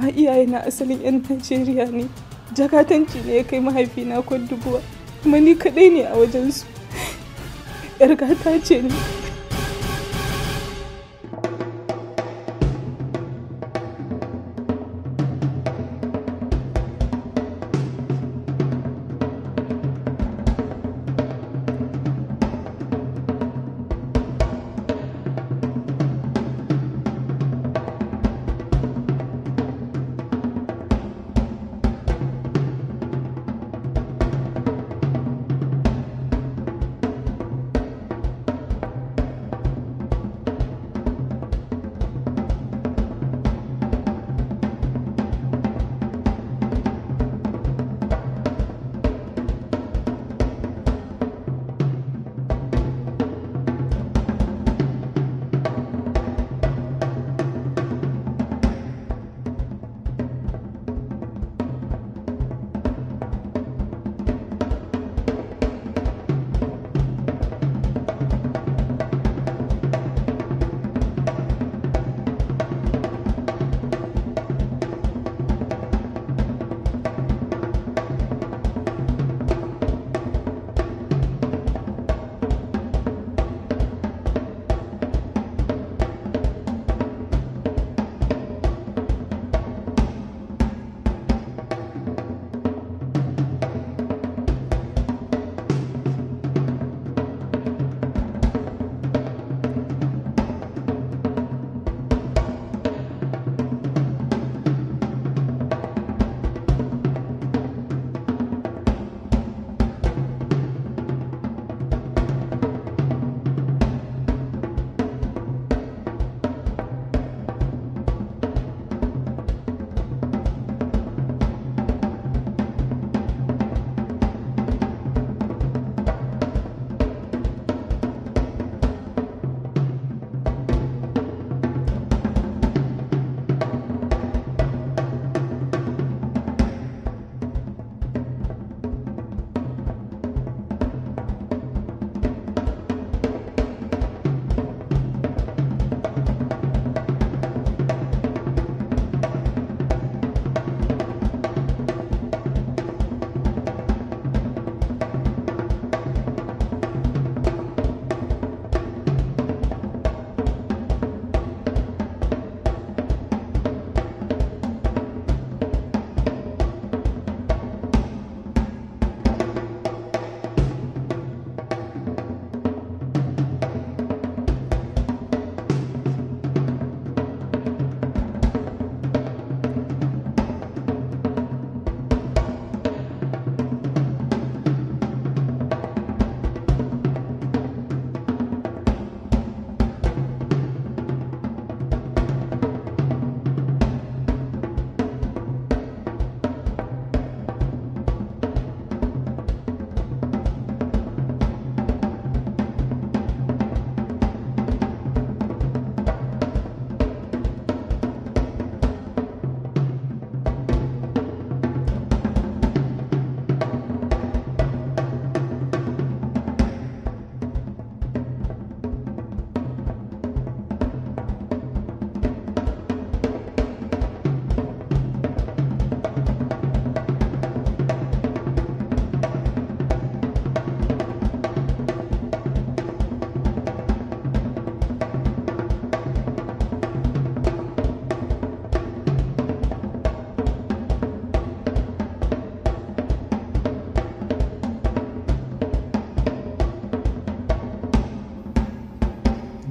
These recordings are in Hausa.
amma iyaye na asalin 'yan najeriya ne jakatanci ne ya kai mahaifina kwan kuma ni kadai ne a wajensu 'yar gata ce ne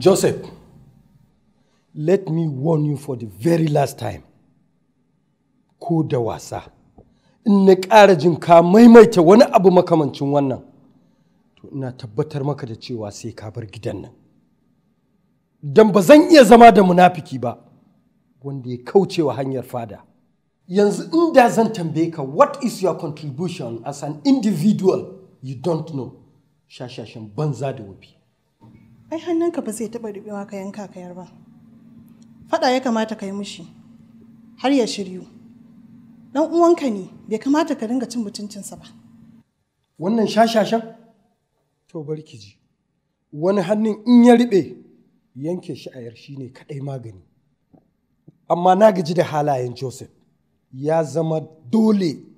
Joseph, let me warn you for the very last time. Ko da wasa, in na ƙara jin ka maimaita wani abu makamancin wannan, to ina tabbatar maka da cewa sai ka bar gidan nan. Don ba zan iya zama da munafiki ba, wanda ya kauce wa hanyar fada. Yanzu inda zan tambaye ka what is your contribution as an individual you don't know, shashashin banza da wofi. ai hannunka ba zai taɓa rubewa ka yanka kayar ba faɗa ya kamata ka yi mushi har ya shiryu dan uwanka ne bai kamata ka dinga cin mutuncinsa ba wannan shashashan to barki ji wani hannun in ya riɓe yanke sha'ayar shi ne kaɗai magani amma na gaji da halayen joseph ya zama dole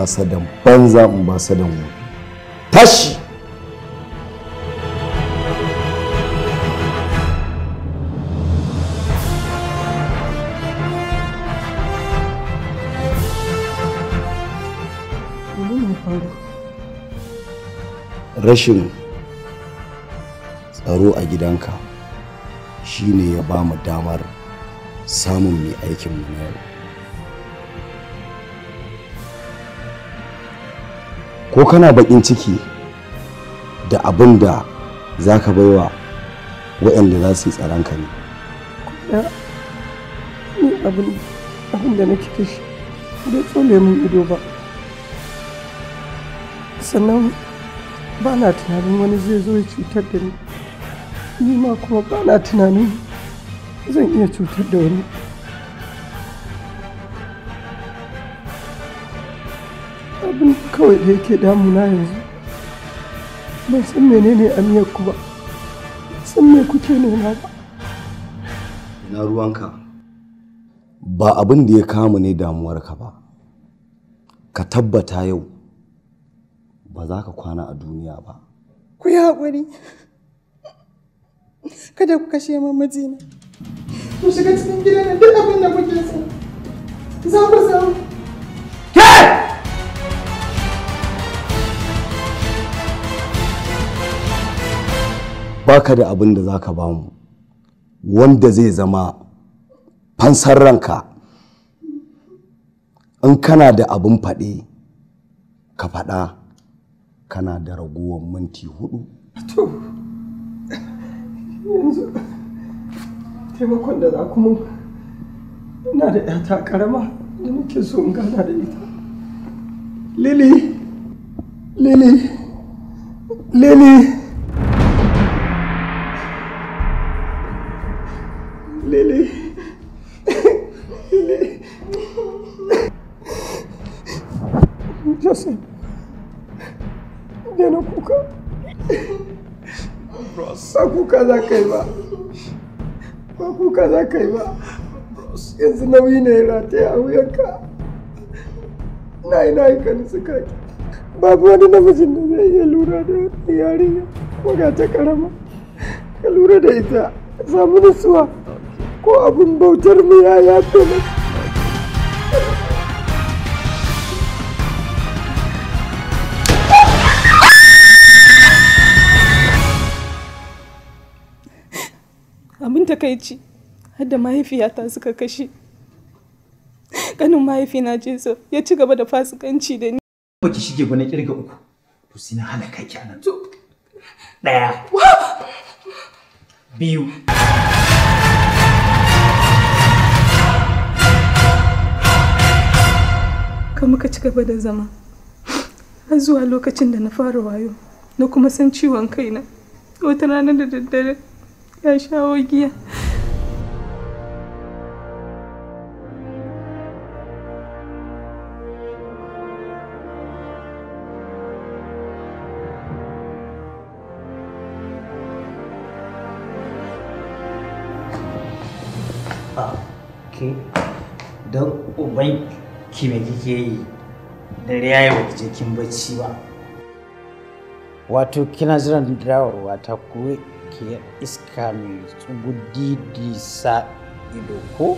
ambasadan banza ambasadan wuri tashi rashin tsaro a gidanka shine ya ba mu damar samun mai mu na yau ko kana bakin ciki da abin da za ka baiwa waɗanda za su yi tsaron ka ne abin da nake da shi bai tsole min ido ba sannan ba na tunanin wani zai zo ya cutar da ni ni ma kuma ba na tunanin zan iya cutar da wani kawai da yake damuna yanzu ban san menene aniyar ku ba san me kuke nema ba ina ruwanka ba abin da ya kama ne damuwarka ba ka tabbata yau ba za ka kwana a duniya ba ku yi haƙuri kada ku kashe min mijina ku shiga cikin gidan duk abin da kuke so za ku samu baka da abin da za ka ba mu wanda zai zama fansar ranka in kana da abin faɗe ka faɗa kana da ragowar minti hudu yanzu taimakon da za kuma ina da yata karama da nake so in gana da ita lili lili lili Lele. Lele. Joseph. Daina kuka. kuka a ka yi ba. Ba A za ka yi ba. Yanzu nauyi ne rataya a Na yi na yi Babu wani namiji da zai iya lura da yarinya. Ko ga a Ka lura da ita. Samu ko abin bautar mu ya yafe abin takaici hadda mahaifiyata suka kashe kanin mahaifina Jesu ya ci gaba da fasikanci da ni. Baki shige gwanin kirga uku, to sai na hana kaki a Ɗaya. Biyu. haka muka ci gaba da zama har zuwa lokacin da na fara wayo na kuma san ciwon kaina wata rana da daddare ya shawo giya dare yayi ba je bacci ba wato kina jiran dawowa ta ko ke iska mai tsugudi didi sa ido ko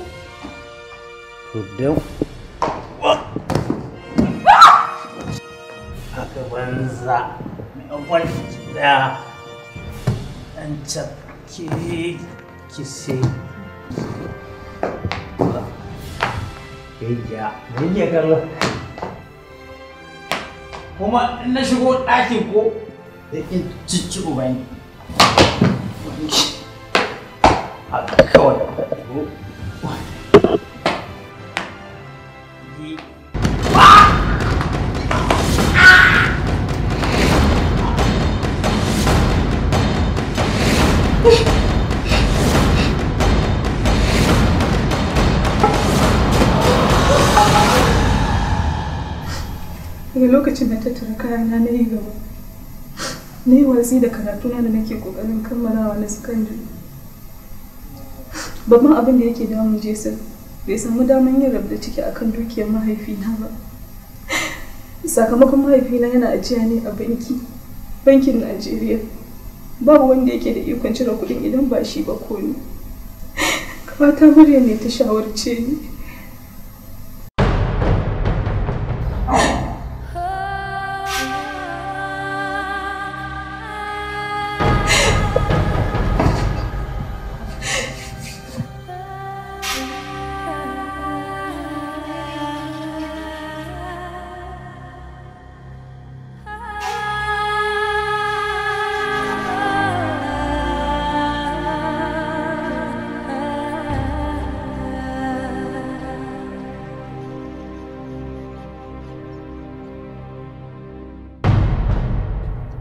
to dan haka banza mai abuwan daya an cakke kise Iya, iya kalau kuma in na shigo ɗakin ko da ke cicci ubangi kawai lokacin da ta tattara kayana na yi gaba na yi watsi da karatuna da nake kokarin kammalawa na sakandare babban abin da yake damun jesus bai samu damar yin rabda ciki akan dukiyar mahaifina ba sakamakon mahaifina yana ajiya ne a banki bankin najeriya babu wanda yake da ikon cire kuɗin idan ba shi ba ko ni kamata murya ne ta shawarce ni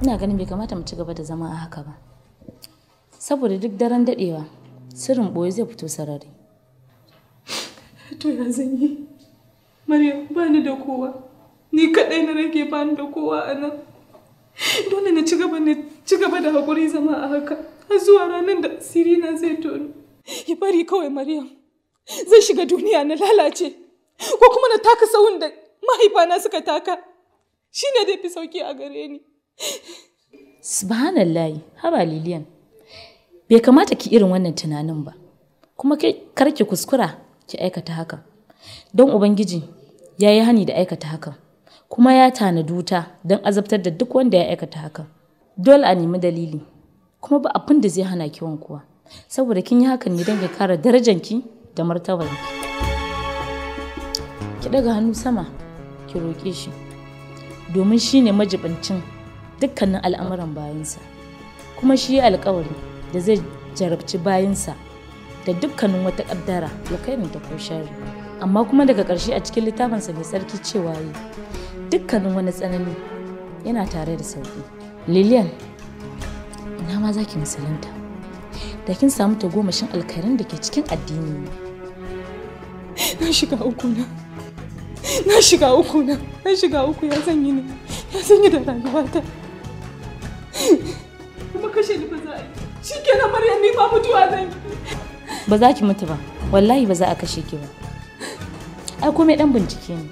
ina ganin bai kamata mu ci gaba da zama a haka ba saboda duk daren dadewa sirrin ɓoye zai fito sarari to ya zan yi mariya ba ni da kowa ni kadai na rage ba ni da kowa a nan dole na ci gaba da haƙuri zama a haka har zuwa ranar da asiri na zai tono ya bari kawai mariya zai shiga duniya na lalace ko kuma na taka sahun da mahaifana suka taka shine dai fi sauki a gare ni subhanallahi haba liliyan bai kamata ki irin wannan tunanin ba kuma kar ki kuskura ki aikata haka don ubangiji ya yi hani da aikata haka kuma ya tana wuta don azabtar da duk wanda ya aikata haka dole a nemi dalili kuma ba abin da zai hana ki wankuwa saboda kin yi hakan ne don ki kara darajanki da martabarki ki daga hannu sama ki roƙe shi domin shine majibincin dukkanin al'amuran bayansa kuma shi yi alkawari da zai jarabci bayansa da dukkanin wata ƙaddara kai ta ko shari amma kuma daga ƙarshe a cikin littafinsa mai tsarki cewa yi dukkanin wani tsanani yana tare da sauƙi lilian na ma za ki musulunta da kin samu ta gomashin alkarin da ke cikin addini na shiga uku na na shiga uku na na shiga uku ya sanyi ne ya sanyi da rayuwata ni ba mutuwa zan ba za ki mutu ba wallahi ba za a kashe ki ba ai komai dan bincike ne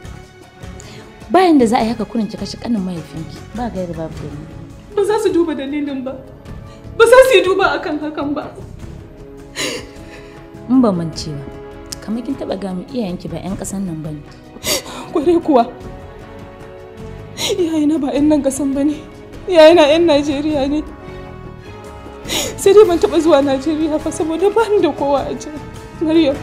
bayan da za a yi haka kurin ki kashe kanin mahaifinki ba gaira babu ne. ba za su duba dalilin ba ba za su yi duba akan hakan ba in ba ce ba kamar kin taba gamu iyayenki ba yan kasan nan bane kware kuwa iyayena ba yan nan kasan bane iyayena yan Najeriya ne sai dai ban taɓa zuwa najeriya fa saboda ban da kowa a can maryam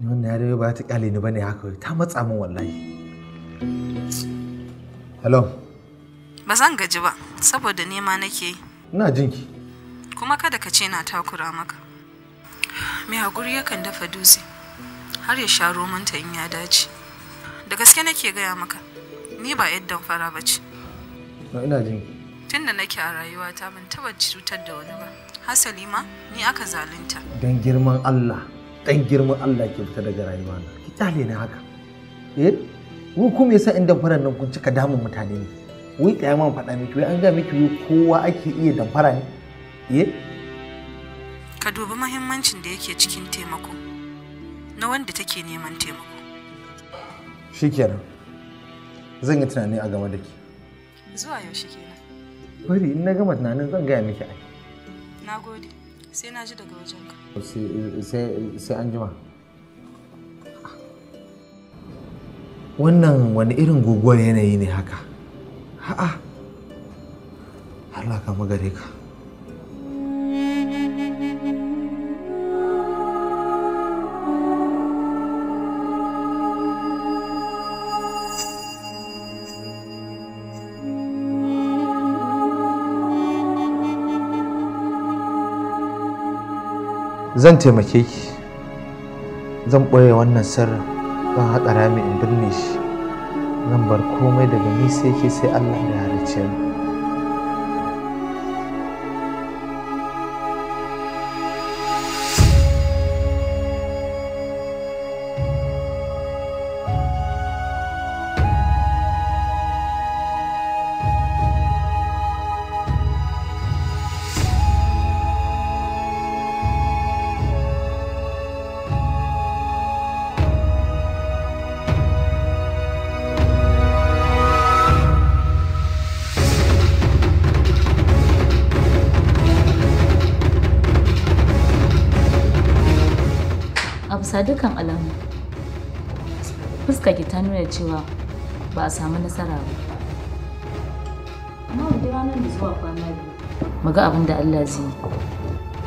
ni wannan yare ba ta kyale ni bane haka ta matsa min wallahi hello ba zan gaji ba saboda nema nake ina jinki kuma kada ka ce na takura maka mai hakuri yakan dafa dutse har ya sha romanta in ya dace da gaske nake gaya maka ni ba yadda fara ba ce ina jinki tun da nake a rayuwata ban taba cutar da wani ba hasali ma ni aka zalunta don girman allah dan girman Allah ke fita daga rayuwa na ki ne haka eh ku kuma yasa inda faran nan kun cika damun mutane ne wai kai ma faɗa miki wai an ga miki kowa ake iya damfara ne eh? ka dubi mahimmancin da yake cikin taimako na wanda take neman taimako shikenan zan yi tunani a game da ki zuwa yau shikenan bari in na gama tunanin zan gaya miki ai na gode sai na ji daga wajenka sai an jima wannan wani irin guguwar yanayi ne haka ha'a Allah ka magare ka zan taimake ki zan ɓoye wannan sirrin zan haƙa rami in binne shi zan bar komai daga ni sai ke sai allah ya da ni bisa dukkan alamu fuskarki ta nuna cewa ba a samu nasara ba amma mu ranar da zuwa kwana biyu mu ga abin da Allah zai yi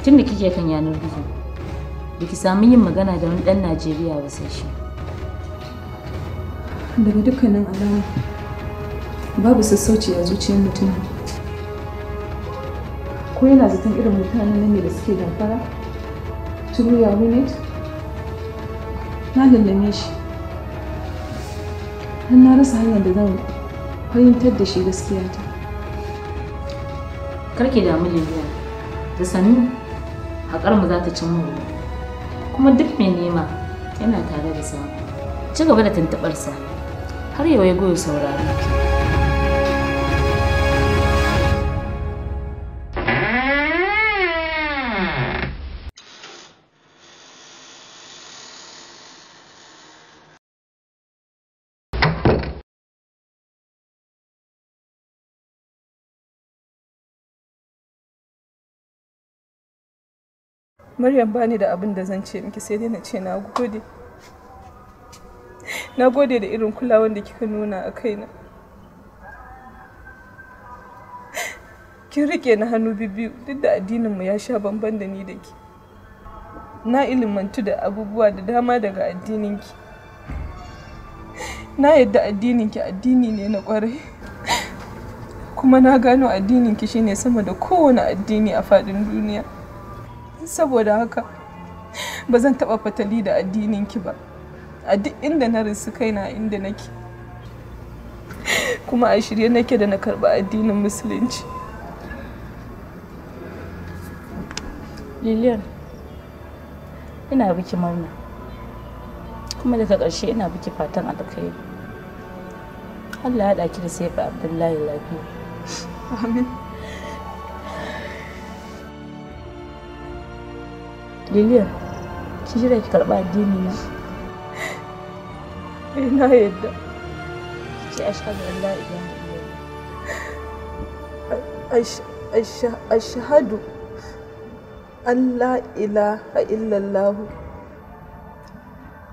tun da kike kan yanar gizo da ki samu yin magana da wani dan Najeriya ba sai shi daga dukkanin alamu babu sassauci a zuciyar mutum ko yana zaton irin mutanen ne da suke damfara through ya unit na lallame shi har na rasa hanyar da zan fahimtar da shi gaskiya ta karki damu liliya da sannu hakar mu za ta cin mu kuma duk mai nema yana tare da sa ci gaba da tuntuɓarsa har yau ya goyo saurari ki maryam bani da abin da zan ce miki sai dai na ce na gode na gode da irin kulawar da kika nuna a kaina kin rike na hannu biyu duk da addininmu ya sha bamban da ni da ki na ilimantu da abubuwa da dama daga addininki na yadda addininki addini ne na kwarai kuma na gano addininki shine sama da kowane addini a faɗin duniya saboda haka ba zan taɓa fatali da addininki ba a duk inda na risu kaina inda nake kuma a shirye nake da na karɓi addinin musulunci lilian ina biki murna kuma daga ƙarshe ina biki fatan alkhairi allah ya ɗaki da sai abdullahi lafiya amin Lilian, ki jira ki karɓi addini na. Ina yadda. Ki ashhadu an la ilaha illallah. Ashhadu an la ilaha illallah.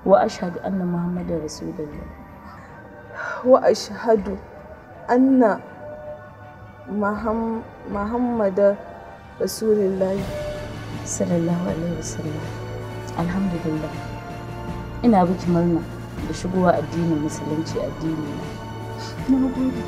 Wa ashhadu anna Muhammadan Rasulullah. Wa ashhadu anna Muhammadan Rasulullah. sallallahu alaihi wasallam alhamdulillah ina biki murna da shigowa addinin musulunci addini na gode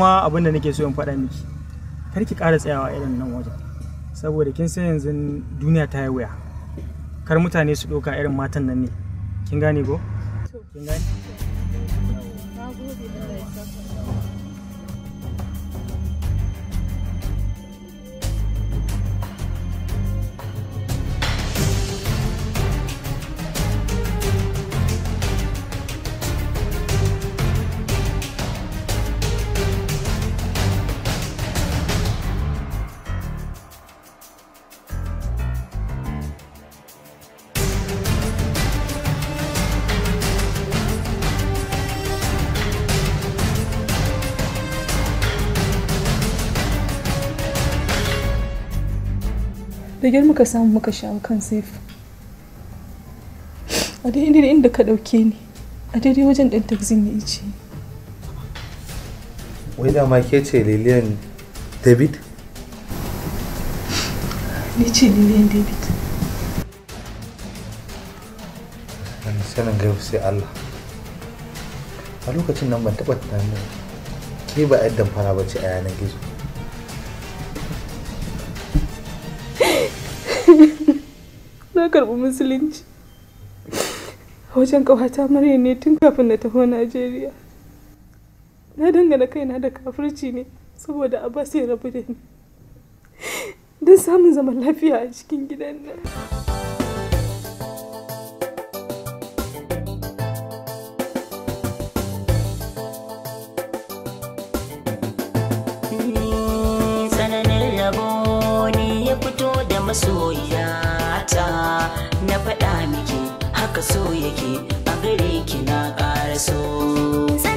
kuma abin da nake so in faɗa miki kar ki ƙara tsayawa irin nan wajen saboda kin san yanzu duniya ta yi wuya kar mutane su ɗauka irin matan nan ne kin gane ko kin gane da muka samu muka shawo kan saifu a daidai inda ka ɗauke ni a daidai wajen ɗan takzin ya ice wai dama ke ce lilian david ni ce lilian david wani sanin gaibu sai allah a lokacin nan ban taɓa tunanin ke ba yadda fara ba ce a yanar gizo musulunci wajen ƙawata murya ne tun kafin na taho najeriya na dangana kaina da kafirci ne saboda abbas ya rabu da ni don samun zaman lafiya a cikin gidan nan masoyiya ta na faɗa miki haka so yake a gare ki na ƙara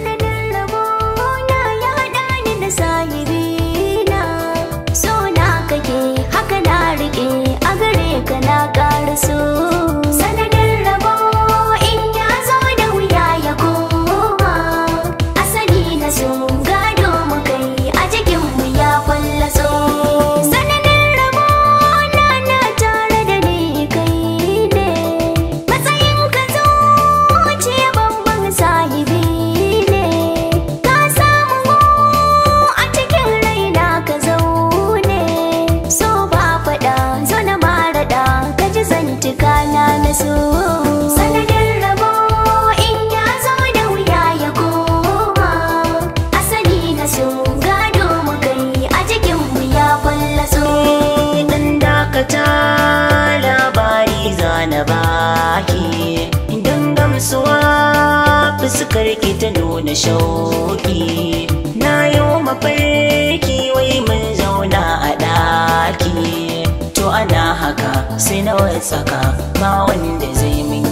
sai nawa waya tsaka ba zai min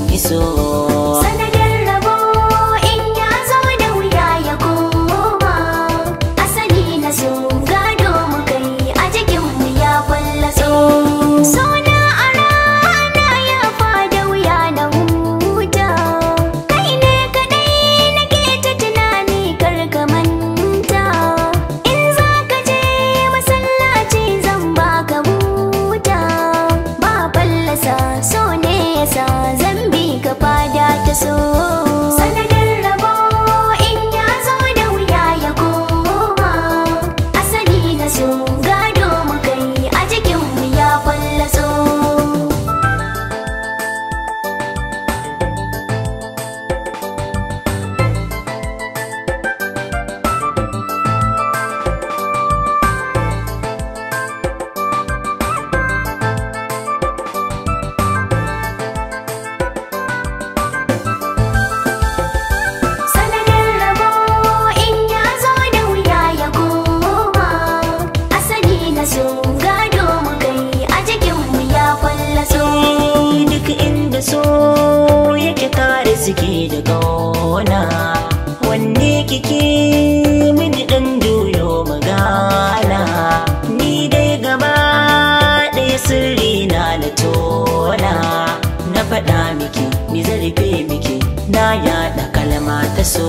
zauna wanne kike mini dan juyo magana ni dai gaba ɗaya sirri na na tona na faɗa miki ni zarfe miki na yaɗa kalma ta so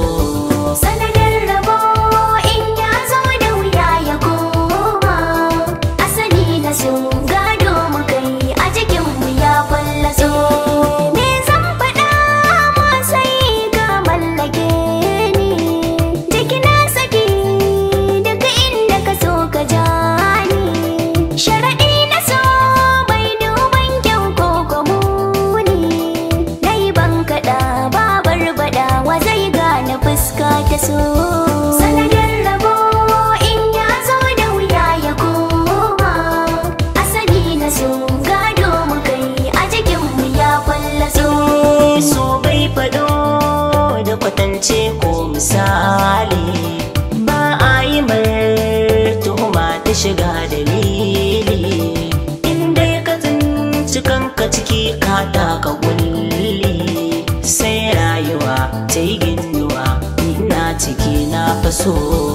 走。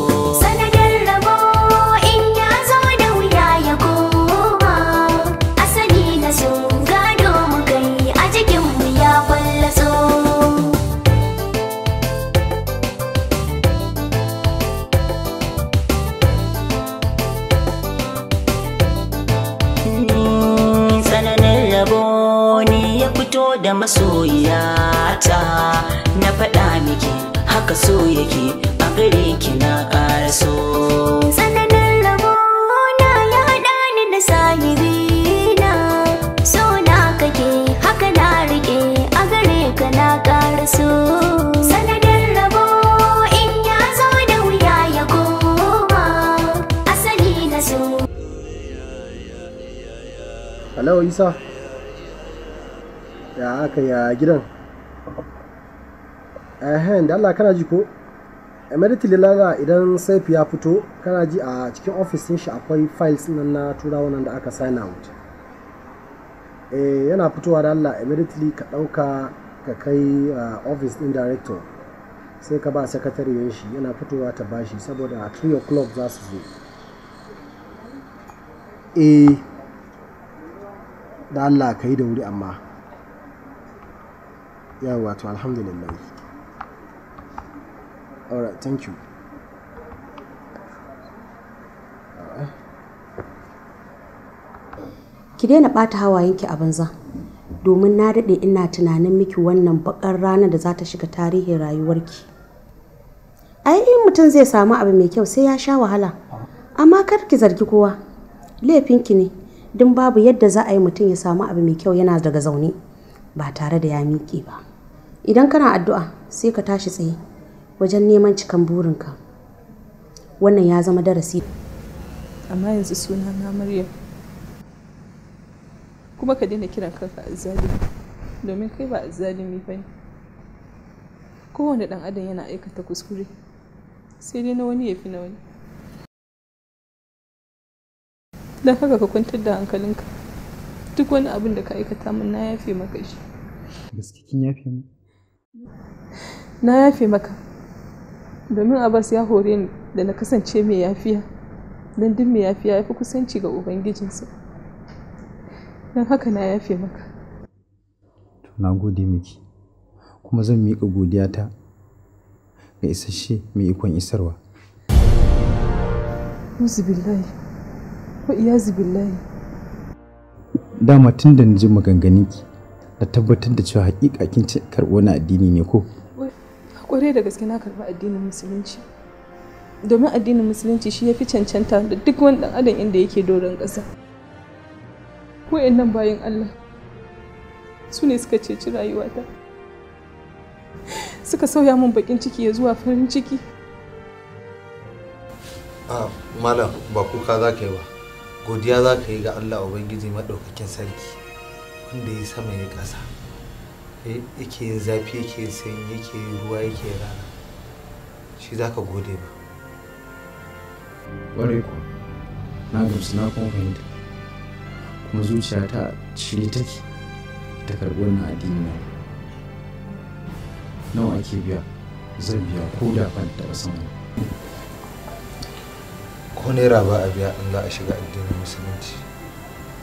gidan ehen da Allah kana ji ko emeriti lilala idan saif ya fito kana ji a cikin ofis shi akwai files nan na turawa nan da aka sign out eh yana fitowa da Allah emirati ka dauka ka kai eh, ofis din director sai ka ba sakatariyan shi yana fitowa ta bashi saboda a 3 o'clock za su zo eh da Allah ka yi da wuri amma yawa to alhamdulillah alright thank you ki daina ɓata hawayenki a banza domin na daɗe ina tunanin miki wannan bakar rana da za ta shiga tarihin rayuwarki ai in mutum zai samu abu mai kyau sai ya sha wahala amma kar ki zargi kowa laifinki ne don babu yadda za a yi mutum ya samu abu mai kyau yana daga zaune ba tare da ya miƙe ba idan kana addu'a sai ka tashi tsaye wajen neman cikan burinka wannan ya zama darasi amma yanzu suna na murya kuma ka daina kiran kanka azzalimi domin kai ba azzalimi ba ne kowane dan adam yana aikata kuskure sai dai na wani ya fi na wani don haka ka kwantar da hankalinka duk wani abin da ka aikata min na yafe maka shi gaskiya kin yafe mu na yafe maka domin abbas ya hore ni da na kasance mai yafiya don duk mai yafiya ya fi kusanci ga ubangijinsa don haka na yafe maka to na gode miki kuma zan miƙa godiyata ga isasshe mai ikon isarwa billahi ko iya zubillahi. dama tun da na ji maganganiki da tabbatar da cewa hakika kin karɓi wani addini ne ko kwarai da gaske na karɓi addinin musulunci domin addinin musulunci shi ya fi cancanta da duk wani ɗan adam inda yake doron ƙasa nan bayan allah su ne suka ceci rayuwata suka sauya min bakin ciki ya zuwa farin ciki a malam ba kuka za ka yi ba godiya za ka yi ga allah ubangiji maɗaukakin sarki wanda ya sama ya ƙasa yake yin zafi yake yin sanyi yake yin ruwa yake rana shi za ka gode ba ƙware ku na gamsu na kuma fahimta kuma zuciya ta shiri take ta karɓi wannan addini na nawa ake biya zan biya ko da ban taɓa sama ko naira ba a biya in za a shiga addinin musulunci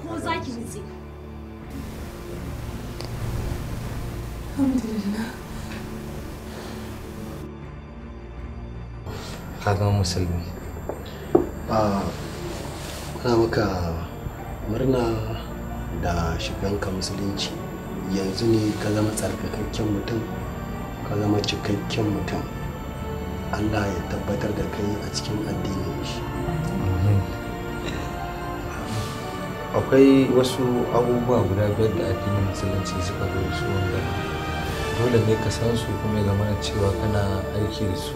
ko za ki nutse ka zama musulmi ana maka murna da shiganka musulunci yanzu ne ka zama tsarkakakken mutum ka zama cikakken mutum allah ya tabbatar da kai a cikin addinin shi akwai wasu abubuwa guda biyar da addinin musulunci suka zo su wanda dole ne ka san su kuma ya zama cewa kana aiki da su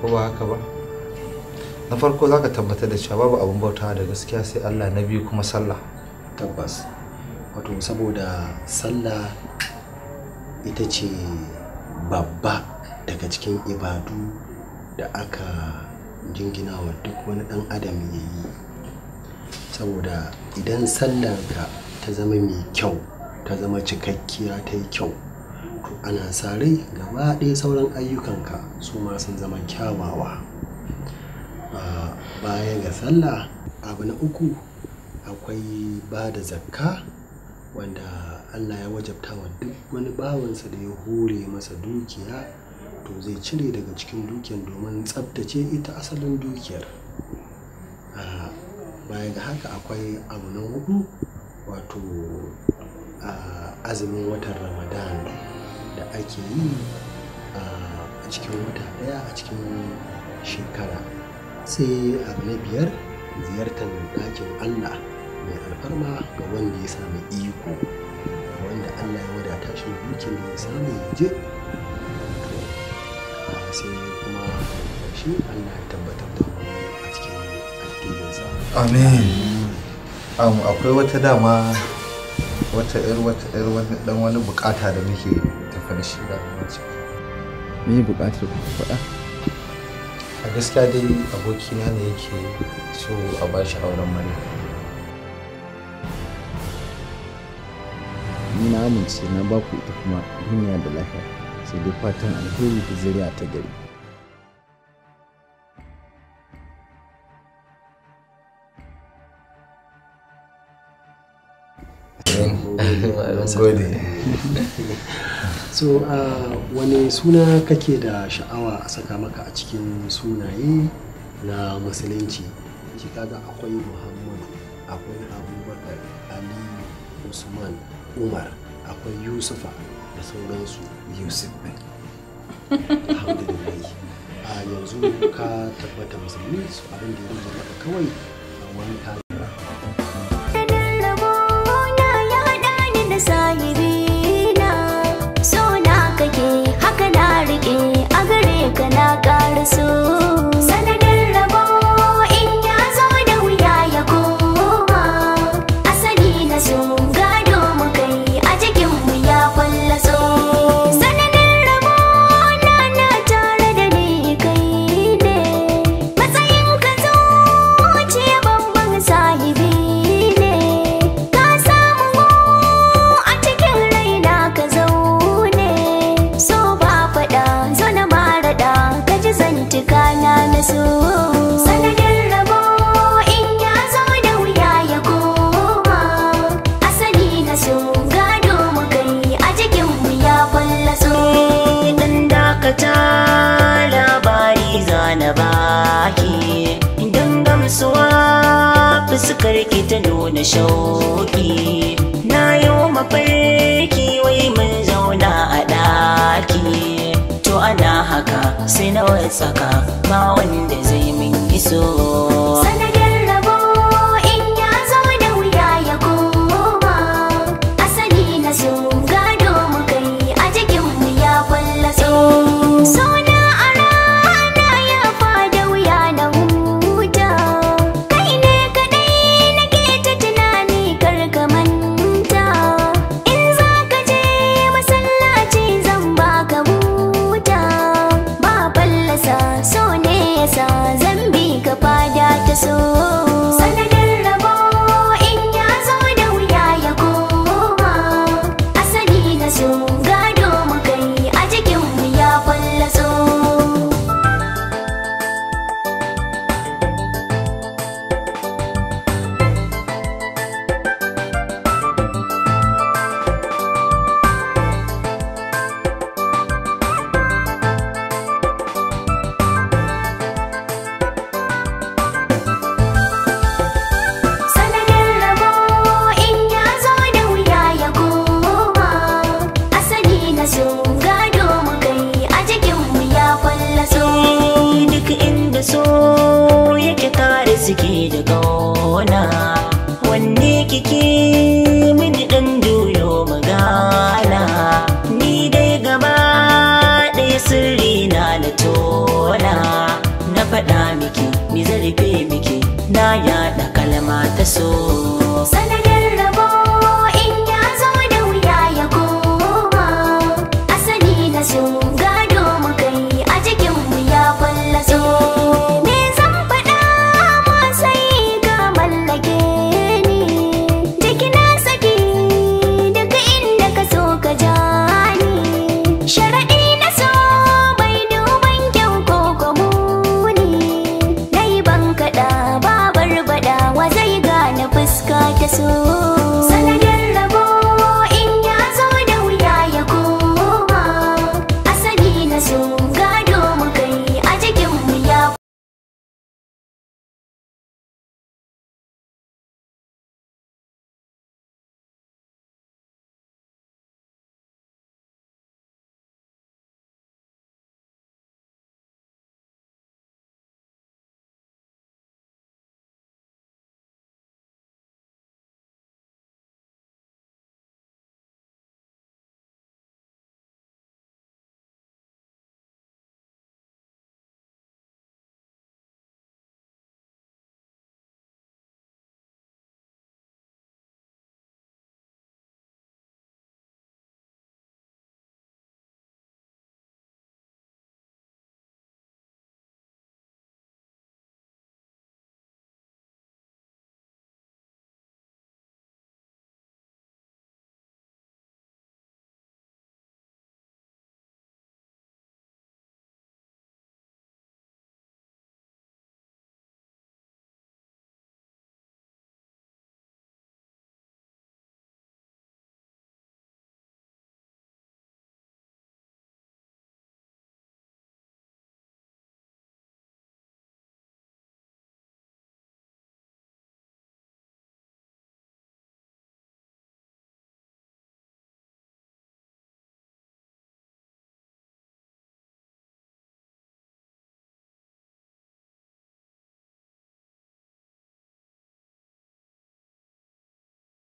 ko ba haka ba na farko za ka tabbatar da cewa babu abin bauta da gaskiya sai allah na biyu kuma sallah tabbas wato saboda sallah ita ce babba daga cikin ibadu da aka jingina wa duk wani dan adam ya yi saboda idan sallarka ta zama mai kyau ta zama cikakkiya ta yi kyau to ana sa rai gaba ɗaya sauran ayyukanka su ma sun zama kyawawa baya ga sallah abu na uku akwai ba da zakka wanda allah ya wajabta wa duk wani bawansa da ya hore masa dukiya to zai cire daga cikin dukiyar domin tsabtace ita asalin dukiyar bayan da haka akwai abu na hudu wato azumin watan ramadan da ake yi a cikin wata daya a cikin shekara sai abu na biyar ziyartar ɗakin allah mai alfarma ga wanda ya sami iko wanda allah ya wadata shi mulkin da ya samu ya je sai kuma shi allah ya tabbatar da amin akwai wata dama wata yar wata yar wani dan wani bukata da muke tafi da shi da mace me bukatar ku faɗa a gaskiya dai abokina ne yake so a bashi auren mani ni na amince na ba ku ita kuma duniya da lafiya sai dai fatan alheri da zuriya ta gari gode so uh, wani suna kake da sha'awa a saka maka a cikin sunaye na musulunci shi kaga akwai muhammad akwai abubakar ali usman umar akwai yusufa da sauransu yusuf alhamdulillah a yanzu ka tabbata musulmi abin da ya zama kawai wanka baki idan gamsuwa fuskar ki ta nuna shauki na yi mafarki wai mun zauna a ɗaki to ana haka sai na tsaka ba wanda zai min iso